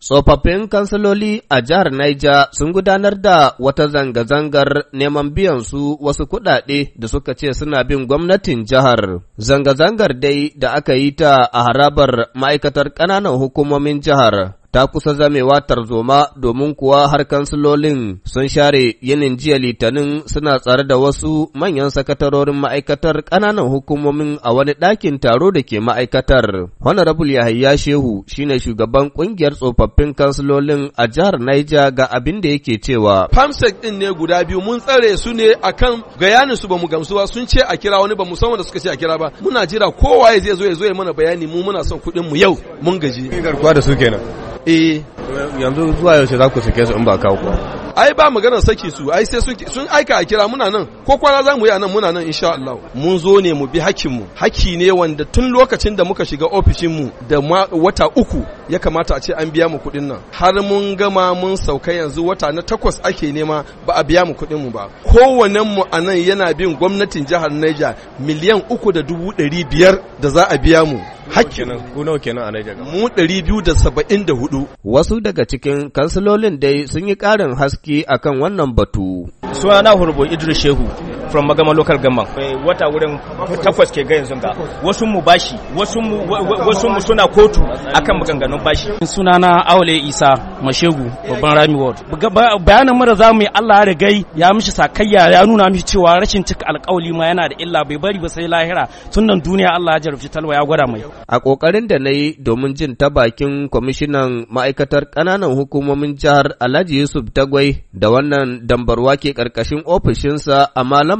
Tsofaffin kansiloli a jihar Niger sun gudanar da wata zanga-zangar neman biyan su wasu kuɗaɗe da suka ce suna bin gwamnatin jihar. Zanga-zangar dai da aka yi ta a harabar ma'aikatar ƙananan hukumomin jihar ta kusa zamewa tarzoma domin kuwa har kansilolin sun share yinin jiya litinin suna tsare da wasu manyan sakatarorin ma'aikatar ƙananan hukumomin a wani ɗakin taro da ke ma'aikatar. Honorable Yahaya Shehu shine shugaban ƙungiyar tsofaffin kansilolin a jihar Niger ga abin da yake cewa. Famsek ɗin ne guda biyu mun tsare su ne akan bayanin su bamu gamsu ba sun ce a kira wani bamu san wanda suka ce a kira ba muna jira kowa zai zo ya zo ya mana bayani mu muna son kuɗin mu yau mun gaji. Garkuwa da su eh yanzu zuwa yaushe za ku sake su in ba kawo kuwa ai ba magana saki su ai sai sun aika a kira muna nan ko kwana za mu yi a nan muna nan insha Allah mun zo ne mu bi hakkin mu hakki ne wanda tun lokacin da muka shiga ofishin mu da wata uku ya kamata a ce an biya mu kuɗin nan har mun gama mun sauka yanzu wata na takwas ake nema ba a biya mu kuɗin mu ba kowanne mu a nan yana bin gwamnatin jihar Niger miliyan uku da dubu ɗari biyar da za a biya mu hakkinan ku nawa kenan a Niger mu ɗari biyu da saba'in da hudu wasu daga cikin kansilolin dai sun yi ƙarin haske akan wannan batu na Hurbo Idris Shehu from magama local wata wurin takwas ke ga yanzu wasu mu bashi wasu mu suna kotu akan maganganun bashi sunana Aule Isa Mashegu babban Rami Ward bayanan mara za mu yi Allah ya gai ya mishi sakayya ya nuna mishi cewa rashin cika alkawali ma yana da illa bai bari ba sai lahira tun nan duniya Allah ya jarabci talwa ya gwada mai a kokarin da na yi domin jin ta bakin kwamishinan ma'aikatar kananan hukumomin jihar Alhaji Yusuf Tagwai da wannan dambarwa ke karkashin ofishinsa a malam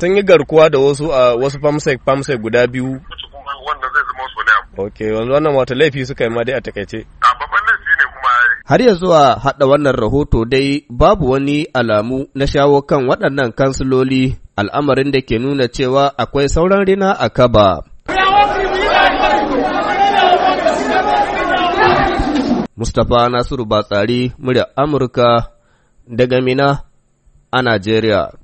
Sun yi garkuwa da wasu a wasu famsek famsek guda biyu. Wannan zai zama su ne. Ok, wannan wata laifi suka yi ma dai a takaice. Har ya zuwa haɗa wannan rahoto dai babu wani alamu na shawo kan waɗannan kansiloli al'amarin da ke nuna cewa akwai sauran rina a kaba. Mustapha Nasiru Batsari, murya Amurka daga Mina a Najeriya.